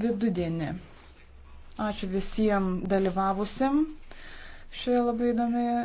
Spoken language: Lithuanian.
vidudienį. Ačiū visiems dalyvavusim šioje labai įdomioje